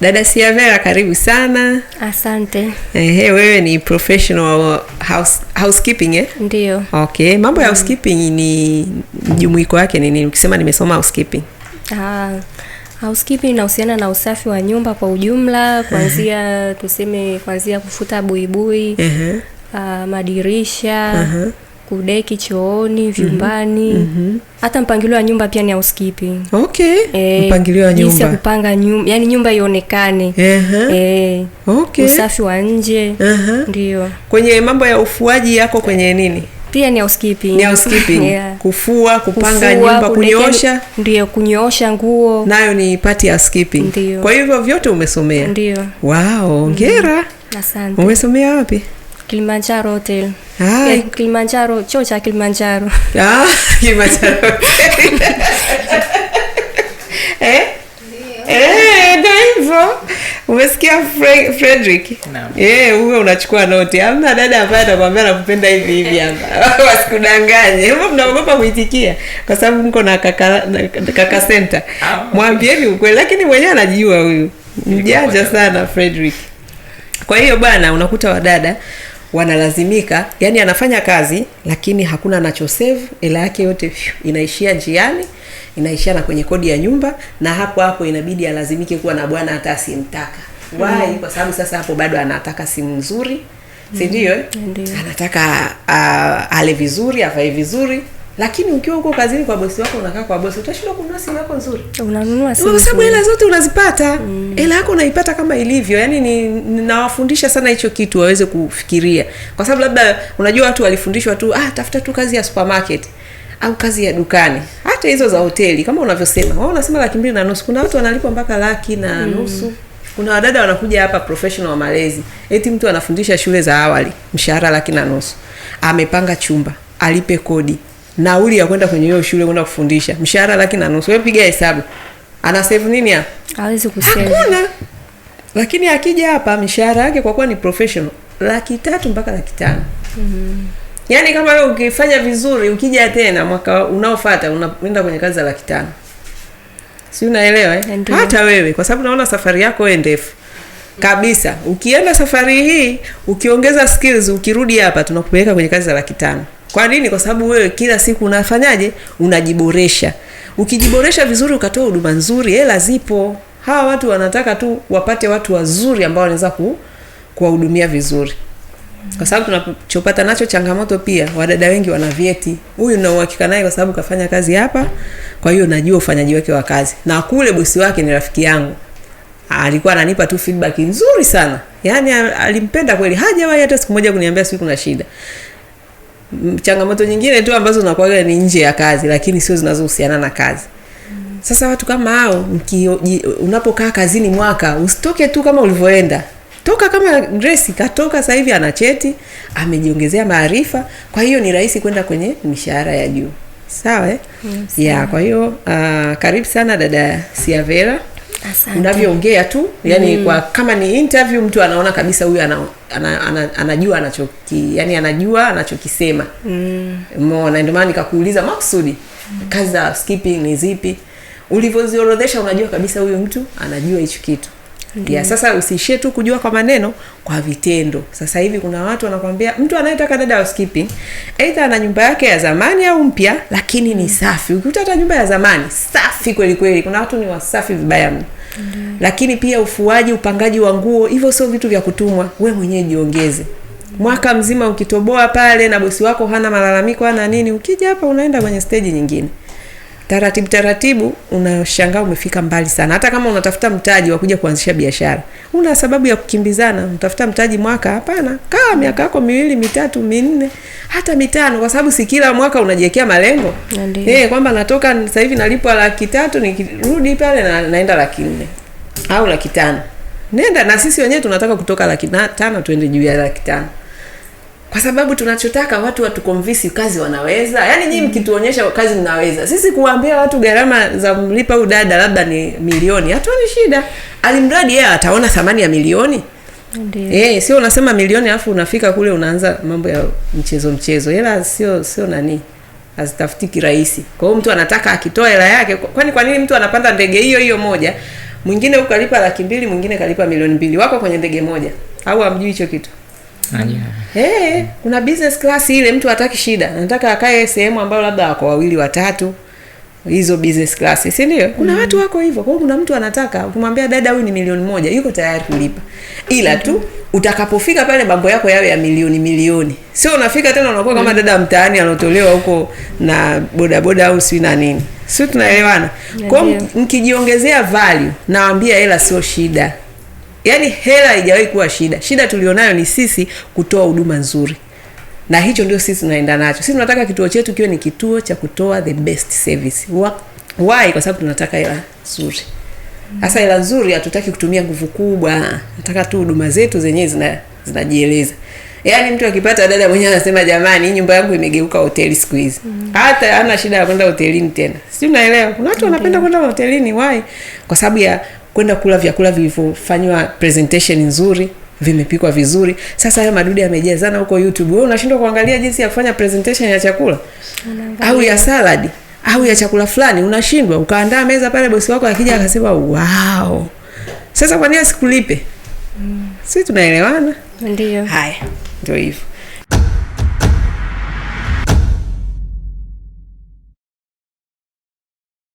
Dada Siavera, karibu sana. Asante. Ehe, wewe ni professional house, housekeeping eh? Ndio. Okay, mambo ya mm. housekeeping ni mjumuiko wake ni nini? Ukisema nimesoma housekeeping. Ah, housekeeping inahusiana na usafi wa nyumba kwa ujumla, kuanzia uh -huh. tuseme kuanzia kufuta buibui uh -huh. uh, madirisha uh -huh kudeki chooni, mhm. vyumbani mm -hmm. hata mpangilio wa nyumba pia ni housekeeping. Okay. E, mpangilio wa nyumba, ya kupanga nyumba, yani nyumba ionekane uh -huh. e, okay. usafi wa nje uh -huh. Ndio kwenye mambo ya ufuaji yako kwenye nini pia ni housekeeping. Ni housekeeping. yeah. Kufua, kupanga Kufua, nyumba, kunyoosha. Ndio, kunyoosha nguo. Nayo ni pati ya housekeeping. Ndiyo. Kwa hivyo vyote umesomea. Ndio. Wow, mhm. hongera. Asante. Umesomea wapi? Kilimanjaro Hotel. Ah, eh, Kilimanjaro, chuo cha Kilimanjaro. Ah, Kilimanjaro. eh? Eh, ndio hivyo. Umesikia Fre Frederick? Naam. Eh, wewe unachukua note. Hamna dada ambaye anakuambia nakupenda hivi hivi hapa. Wasikudanganye. Wewe mnaogopa kuitikia kwa sababu mko na kaka kaka center. Ah, Mwambieni ukweli lakini mwenyewe anajua huyu. Mjanja sana Frederick. Kwa hiyo bana unakuta wadada wanalazimika, yani anafanya kazi lakini hakuna anachosave, ela yake yote inaishia njiani, inaishia na kwenye kodi ya nyumba, na hapo hapo inabidi alazimike kuwa na bwana hata asimtaka. mm-hmm. Kwa sababu sasa hapo bado anataka simu nzuri, mm-hmm. Anataka uh, ale vizuri, avae vizuri lakini ukiwa huko kazini kwa bosi wako, unakaa kwa bosi, utashindwa kununua simu yako nzuri? Unanunua simu kwa sababu hela zote unazipata mm. hela mm. yako unaipata kama ilivyo. Yani ninawafundisha ni sana hicho kitu waweze kufikiria, kwa sababu labda unajua watu walifundishwa tu ah, tafuta tu kazi ya supermarket au kazi ya dukani, hata hizo za hoteli kama unavyosema wao, unasema laki mbili na nusu. Kuna watu wanalipwa mpaka laki na mm. nusu kuna wadada wanakuja hapa professional wa malezi, eti mtu anafundisha shule za awali, mshahara laki na nusu, amepanga chumba, alipe kodi, nauli ya kwenda kwenye hiyo shule kwenda kufundisha, mshahara laki na nusu. Wewe piga hesabu, ana save nini hapa? Hawezi kusave, hakuna. Lakini akija hapa, mshahara yake kwa kuwa ni professional, laki tatu mpaka laki tano. mm-hmm. Yaani kama wewe ukifanya vizuri, ukija tena mwaka unaofuata unaenda kwenye kazi za laki tano, si unaelewa eh? Hata wewe kwa sababu naona safari yako wewe ndefu kabisa. Ukienda safari hii ukiongeza skills, ukirudi hapa tunakupeleka kwenye kazi za laki tano. Kwa nini? Kwa sababu wewe kila siku unafanyaje? Unajiboresha. Ukijiboresha vizuri, ukatoa huduma nzuri, hela zipo. Hawa watu wanataka tu wapate watu wazuri ambao wanaweza ku, kuwahudumia vizuri, kwa sababu tunachopata nacho changamoto pia, wadada wengi wana vyeti. Huyu na uhakika naye kwa sababu kafanya kazi hapa, kwa hiyo najua ufanyaji wake wa kazi, na kule bosi wake ni rafiki yangu alikuwa ananipa tu feedback nzuri sana, yaani alimpenda kweli, hajawahi hata siku moja kuniambia siku kuna shida changamoto nyingine tu ambazo zinakuwaga ni nje ya kazi, lakini sio zinazohusiana na kazi. Sasa watu kama hao, unapokaa kazini mwaka, usitoke tu kama ulivyoenda. Toka kama Grace katoka, sasa hivi ana cheti, amejiongezea maarifa, kwa hiyo ni rahisi kwenda kwenye mishahara ya juu. Sawa, eh? Yes, mm, yeah, kwa hiyo uh, karibu sana dada Siavera unavyoongea tu yani mm. kwa kama ni interview mtu anaona kabisa huyu ana, ana, ana, anajua anachoki yani anajua anachokisema mm. mona ndio maana nikakuuliza maksudi mm. kazi za skipping ni zipi ulivyoziorodhesha unajua kabisa huyu mtu anajua hicho kitu Ndiyo. ya sasa usiishie tu kujua kwa maneno kwa vitendo sasa hivi kuna watu wanakwambia mtu anayetaka dada housekeeping aidha ana nyumba yake ya zamani au mpya lakini ni safi ukikuta hata nyumba ya zamani safi kweli kweli kuna watu ni wasafi vibaya mno lakini pia ufuaji upangaji wa nguo hivyo sio vitu vya kutumwa we mwenyewe jiongeze mwaka mzima ukitoboa pale na bosi wako hana malalamiko hana nini ukija hapa unaenda kwenye steji nyingine taratibu taratibu unashangaa umefika mbali sana. Hata kama unatafuta mtaji wa kuja kuanzisha biashara, una sababu ya kukimbizana, unatafuta mtaji mwaka? Hapana, kaa miaka yako miwili mitatu minne hata mitano, kwa sababu si kila mwaka unajiwekea malengo hey, eh, kwamba natoka sasa hivi nalipwa laki tatu, nikirudi pale na, naenda laki nne au laki tano. Nenda na sisi wenyewe tunataka kutoka laki tano tuende juu ya laki tano kwa sababu tunachotaka watu watukomvisi kazi wanaweza, yaani nyii mm-hmm. mkituonyesha mm. kazi mnaweza. Sisi kuwambia watu gharama za mlipa huu dada labda ni milioni, hatuoni shida, alimradi yeye ataona thamani ya milioni. Eh, sio unasema milioni alafu unafika kule unaanza mambo ya mchezo mchezo. Hela sio sio nani hazitafutiki rahisi. Kwa hiyo mtu anataka akitoa hela yake, kwani kwa nini mtu anapanda ndege hiyo hiyo moja, mwingine ukalipa laki mbili, mwingine kalipa milioni mbili, wako kwenye ndege moja, au hamjui hicho kitu? Mm. Eh, kuna business class ile mtu hataki shida, nataka akae sehemu ambayo labda wako wawili watatu hizo business class, si ndio? Kuna mm. watu wako hivyo. Kwa hiyo kuna mtu anataka ukimwambia dada, huyu ni milioni moja, yuko tayari kulipa, ila tu mm. utakapofika pale mambo yako yawe ya milioni milioni, sio unafika tena unakuwa kama mm. dada mtaani anaotolewa huko na bodaboda au si na nini, sio? Tunaelewana? Kwa hiyo mkijiongezea value, nawaambia hela sio shida. Yaani hela haijawahi kuwa shida. Shida tulionayo ni sisi kutoa huduma nzuri, na hicho ndio sisi tunaenda nacho. Sisi tunataka kituo chetu kiwe ni kituo cha kutoa the best service. Why? Kwa sababu tunataka hela nzuri. Sasa hela nzuri, hatutaki kutumia nguvu kubwa, nataka tu huduma zetu zenyewe zina zinajieleza. Yaani mtu akipata dada mwenyewe anasema jamani, hii nyumba yangu imegeuka hoteli siku hizi. Mm. Hata ana shida ya kwenda hotelini tena. Si unaelewa? Kuna watu wanapenda kwenda hotelini why? Kwa sababu ya kwenda kula vyakula vilivyofanywa presentation nzuri vimepikwa vizuri. Sasa hayo madudu yamejazana huko YouTube, wewe unashindwa kuangalia jinsi ya kufanya presentation ya chakula au ya salad au ya chakula fulani, unashindwa ukaandaa meza pale, bosi wako akija akasema wow, sasa kwa nini asikulipe? Mm. si tunaelewana, ndio haya, ndio hivyo.